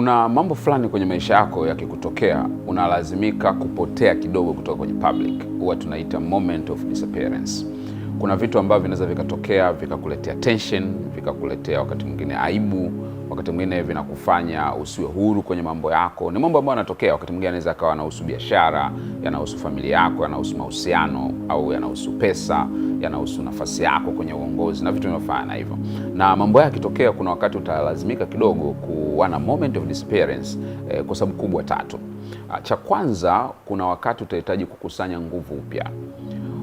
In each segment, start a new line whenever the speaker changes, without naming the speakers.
Kuna mambo fulani kwenye maisha yako yakikutokea, unalazimika kupotea kidogo kutoka kwenye public, huwa tunaita moment of disappearance. Kuna vitu ambavyo vinaweza vikatokea vikakuletea tension, vikakuletea wakati mwingine aibu wakati mwingine vinakufanya usiwe huru kwenye mambo yako. Ni mambo ambayo yanatokea wakati mwingine, anaweza akawa anahusu biashara, yanahusu familia yako, yanahusu mahusiano, au yanahusu pesa, yanahusu nafasi yako kwenye uongozi na vitu vinavyofanana hivyo. Na mambo haya yakitokea, kuna wakati utalazimika kidogo kuwa na moment of disappearance eh, kwa sababu kubwa tatu. Ah, cha kwanza, kuna wakati utahitaji kukusanya nguvu upya.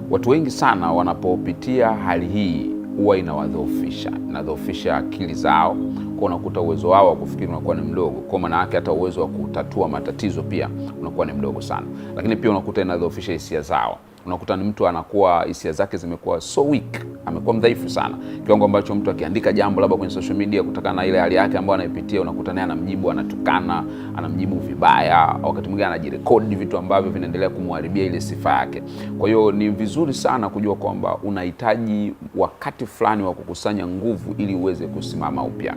Watu wengi sana wanapopitia hali hii huwa inawadhoofisha, inadhoofisha akili zao kwa unakuta uwezo wao wa kufikiri unakuwa ni mdogo, kwa maana yake hata uwezo wa kutatua matatizo pia unakuwa ni mdogo sana. Lakini pia unakuta inadhoofisha hisia zao, unakuta ni mtu anakuwa hisia zake zimekuwa so weak amekuwa mdhaifu sana, kiwango ambacho mtu akiandika jambo labda kwenye social media kutokana na ile hali yake ambayo anaipitia, unakuta naye anamjibu, anatukana, anamjibu vibaya, wakati mwingine anajirekodi vitu ambavyo vinaendelea kumharibia ile sifa yake. Kwa hiyo ni vizuri sana kujua kwamba unahitaji wakati fulani wa kukusanya nguvu ili uweze kusimama upya.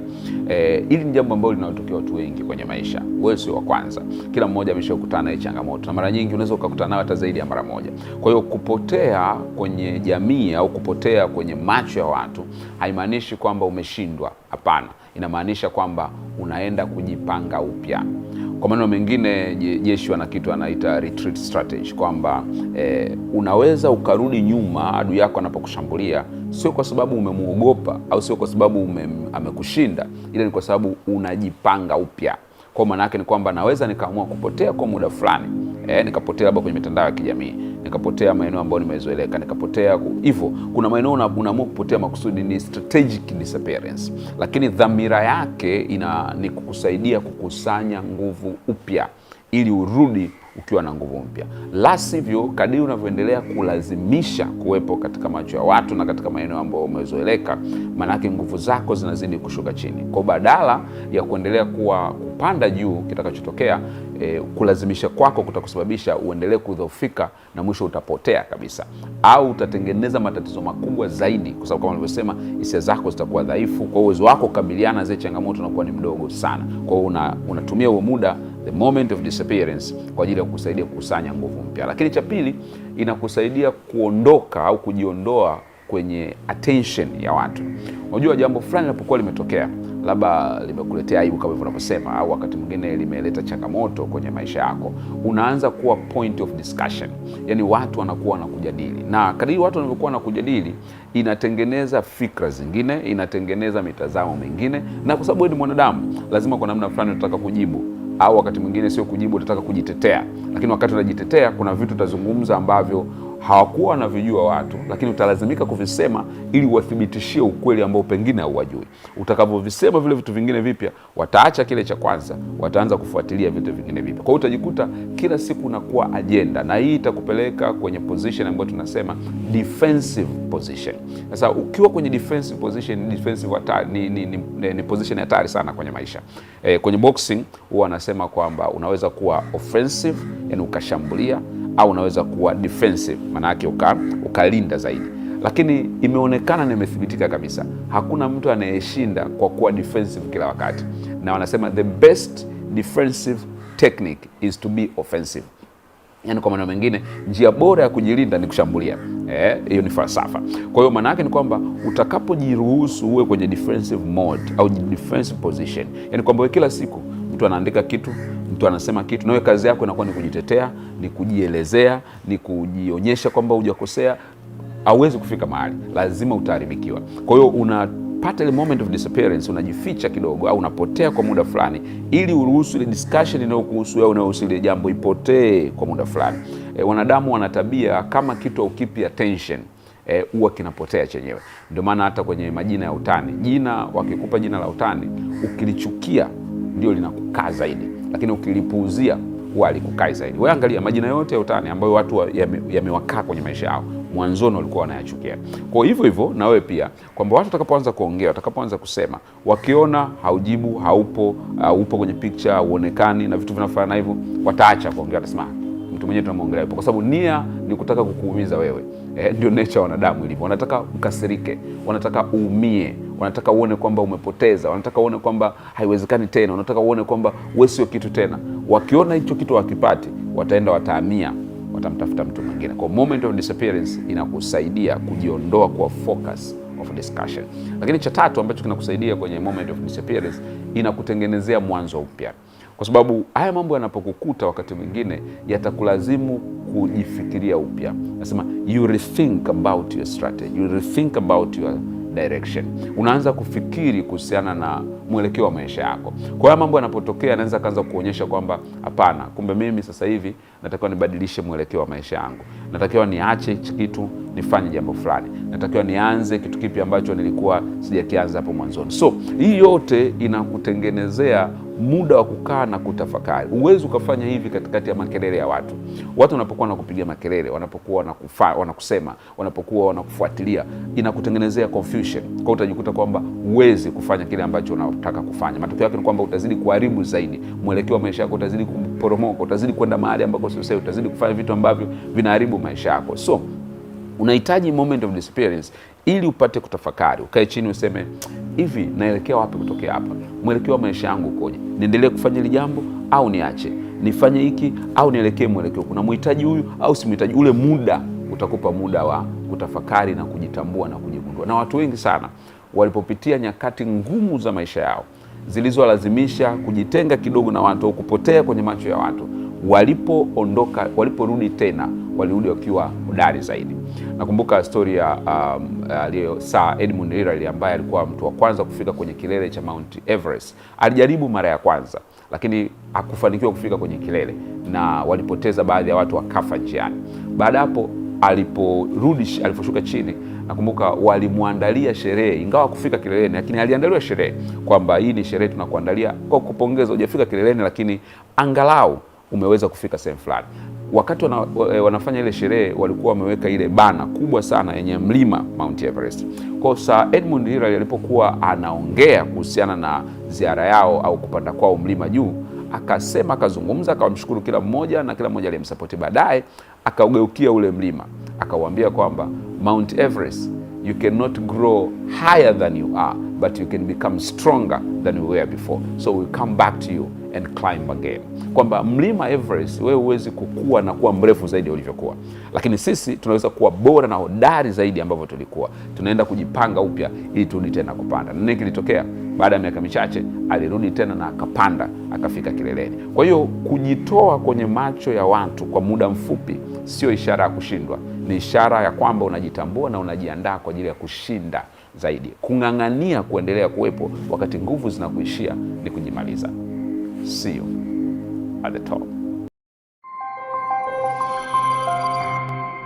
Eh, hili ni jambo ambalo linatokea watu wengi kwenye maisha. Wewe sio wa kwanza, kila mmoja ameshakutana na changamoto, na mara nyingi unaweza ukakutana nayo hata zaidi ya mara moja. Kwa hiyo kupotea kwenye jamii au kupotea kwenye kwenye macho ya watu haimaanishi kwamba umeshindwa. Hapana, inamaanisha kwamba unaenda kujipanga upya. Kwa maneno mengine, jeshi wana kitu anaita retreat strategy, kwamba eh, unaweza ukarudi nyuma adui yako anapokushambulia, sio kwa sababu umemwogopa au sio kwa sababu amekushinda, ila ni kwa sababu unajipanga upya. Kwa maana yake ni kwamba naweza nikaamua kupotea kwa muda fulani e, nikapotea labda kwenye mitandao ya kijamii, nikapotea maeneo ambayo nimezoeleka, nikapotea hivyo. Kuna maeneo unaamua kupotea makusudi, ni strategic disappearance, lakini dhamira yake ina ni kukusaidia kukusanya nguvu upya ili urudi ukiwa na nguvu mpya, la sivyo, kadiri unavyoendelea kulazimisha kuwepo katika macho ya watu na katika maeneo ambayo umezoeleka, maanake nguvu zako zinazidi kushuka chini. Kwa badala ya kuendelea kuwa kupanda juu, kitakachotokea eh, kulazimisha kwako kutakusababisha uendelee kudhoofika na mwisho utapotea kabisa, au utatengeneza matatizo makubwa zaidi, kwa sababu kama nilivyosema, hisia zako zitakuwa dhaifu, kwa uwezo wako kukabiliana zile changamoto unakuwa ni mdogo sana. Kwa hiyo unatumia huo muda the moment of disappearance kwa ajili ya kusaidia kukusanya nguvu mpya. Lakini cha pili, inakusaidia kuondoka au kujiondoa kwenye attention ya watu. Unajua, jambo fulani linapokuwa limetokea, labda limekuletea aibu kama hivyo unavyosema, au wakati mwingine limeleta changamoto kwenye maisha yako, unaanza kuwa point of discussion, yani watu wanakuwa wanakujadili, na kadiri watu wanavyokuwa wanakujadili, inatengeneza fikra zingine, inatengeneza mitazamo mingine, na kwa sababu wewe ni mwanadamu, lazima kwa namna fulani unataka kujibu au wakati mwingine sio kujibu, utataka kujitetea. Lakini wakati unajitetea, kuna vitu utazungumza ambavyo hawakuwa wanavijua watu, lakini utalazimika kuvisema ili uwathibitishie ukweli ambao pengine hauwajui. Utakavyovisema vile vitu vingine vipya, wataacha kile cha kwanza, wataanza kufuatilia vitu vingine vipya. Kwa hiyo utajikuta kila siku unakuwa ajenda, na hii itakupeleka kwenye position ambayo tunasema defensive position. Sasa ukiwa kwenye defensive position, defensive ni, ni, ni, ni position hatari sana kwenye maisha e, kwenye boxing huwa anasema kwamba unaweza kuwa offensive, yani ukashambulia au unaweza kuwa defensive, maana yake uka, ukalinda zaidi. Lakini imeonekana na imethibitika kabisa, hakuna mtu anayeshinda kwa kuwa defensive kila wakati, na wanasema the best defensive technique is to be offensive. Yani, kwa maneno mengine, njia bora ya kujilinda ni kushambulia. Eh, hiyo eh, ni falsafa. Kwa hiyo maana yake ni kwamba utakapojiruhusu uwe kwenye defensive mode au defensive position, yani kwamba kila siku mtu anaandika kitu, mtu anasema kitu, nawe kazi yako inakuwa ni kujitetea, ni kujielezea, ni kujionyesha kwamba hujakosea. Hauwezi kufika mahali, lazima utaharibikiwa. Kwa hiyo unapata ile moment of disappearance, unajificha kidogo, au unapotea kwa muda fulani, ili uruhusu ile discussion inayokuhusu wewe, inayohusu ile jambo ipotee kwa muda fulani. E, wanadamu wana tabia, kama kitu haukipi attention eh, huwa e, kinapotea chenyewe. Ndio maana hata kwenye majina ya utani, jina wakikupa jina la utani ukilichukia ndio linakukaa zaidi, lakini ukilipuuzia huwa alikukai zaidi. Wewe angalia majina yote ya utani ambayo watu yamewakaa ya kwenye maisha yao mwanzoni walikuwa wanayachukia. Kwa hivyo hivyo na wewe pia, kwamba watu watakapoanza kuongea, watakapoanza kusema, wakiona haujibu, haupo, uh, upo kwenye picha uonekani na vitu vinafanana hivyo, wataacha kuongea, watasema ah, mtu mwenyewe tunamwongelea yupo, kwa sababu nia ni kutaka kukuumiza wewe. Eh, ndio nature wanadamu ilivyo, wanataka ukasirike, wanataka uumie wanataka uone kwamba umepoteza, wanataka uone kwamba haiwezekani tena, wanataka uone kwamba we sio kitu tena. Wakiona hicho kitu wakipati, wataenda watahamia, watamtafuta mtu mwingine. Kwa moment of disappearance inakusaidia kujiondoa kwa focus of discussion. Lakini cha tatu ambacho kinakusaidia kwenye moment of disappearance, inakutengenezea mwanzo upya, kwa sababu haya mambo yanapokukuta wakati mwingine yatakulazimu kujifikiria upya. Nasema you rethink about your strategy, you rethink about your direction, unaanza kufikiri kuhusiana na mwelekeo wa maisha yako. Kwa hiyo mambo yanapotokea, anaweza kaanza kuonyesha kwamba hapana, kumbe mimi sasa hivi natakiwa nibadilishe mwelekeo wa maisha yangu, natakiwa niache hichi kitu nifanye jambo fulani, natakiwa nianze kitu kipi ambacho nilikuwa sijakianza hapo mwanzoni. So hii yote inakutengenezea muda wa kukaa na kutafakari. Huwezi ukafanya hivi katikati ya makelele ya watu. Watu wanapokuwa wanakupigia makelele, wanapokuwa wanakufa, wanakusema, wanapokuwa wanakufuatilia, inakutengenezea confusion. Kwa utajikuta kwamba huwezi kufanya kile ambacho unataka kufanya. Matokeo yake ni kwamba utazidi kuharibu zaidi mwelekeo wa maisha yako, utazidi kuporomoka, utazidi kwenda mahali ambako sio sahihi, utazidi kufanya vitu ambavyo vinaharibu maisha yako. So unahitaji moment of experience ili upate kutafakari, ukae chini useme hivi, naelekea wapi kutokea hapa? Mwelekeo wa maisha yangu ukoje? Niendelee kufanya hili jambo au niache? Nifanye hiki au nielekee mwelekeo? Kuna mhitaji huyu au simhitaji? Ule muda utakupa muda wa kutafakari na kujitambua na kujigundua. Na watu wengi sana walipopitia nyakati ngumu za maisha yao zilizolazimisha kujitenga kidogo na watu au kupotea kwenye macho ya watu walipoondoka, waliporudi tena walirudi wakiwa hodari zaidi. Nakumbuka stori ya um, Sir Edmund Hillary ambaye alikuwa mtu wa kwanza kufika kwenye kilele cha Mount Everest. Alijaribu mara ya kwanza lakini hakufanikiwa kufika kwenye kilele na walipoteza baadhi ya watu wakafa njiani. Baada hapo aliporudi aliposhuka chini, nakumbuka walimwandalia sherehe, ingawa kufika kileleni, lakini aliandaliwa sherehe kwamba hii ni sherehe tunakuandalia kwa kupongeza, hujafika kileleni, lakini angalau umeweza kufika sehemu fulani. Wakati wana, eh, wanafanya ile sherehe walikuwa wameweka ile bana kubwa sana yenye mlima Mount Everest. Kwa Sir Edmund Hillary alipokuwa anaongea kuhusiana na ziara yao au kupanda kwao mlima juu, akasema, akazungumza, akawamshukuru kila mmoja na kila mmoja aliyemsapoti. Baadaye akaugeukia ule mlima akauambia kwamba Mount Everest you cannot grow higher than you are but you can become stronger than you were before so we come back to you and climb again, kwamba mlima Everest wewe huwezi kukua na kuwa mrefu zaidi ulivyokuwa, lakini sisi tunaweza kuwa bora na hodari zaidi ambavyo tulikuwa. Tunaenda kujipanga upya ili turudi tena kupanda. Nini kilitokea? Baada ya miaka michache alirudi tena na akapanda akafika kileleni. Kwa hiyo kujitoa kwenye macho ya watu kwa muda mfupi sio ishara ya kushindwa, ni ishara ya kwamba unajitambua na unajiandaa kwa ajili ya kushinda zaidi. Kung'ang'ania kuendelea kuwepo wakati nguvu zinakuishia ni kujimaliza. See you at the top.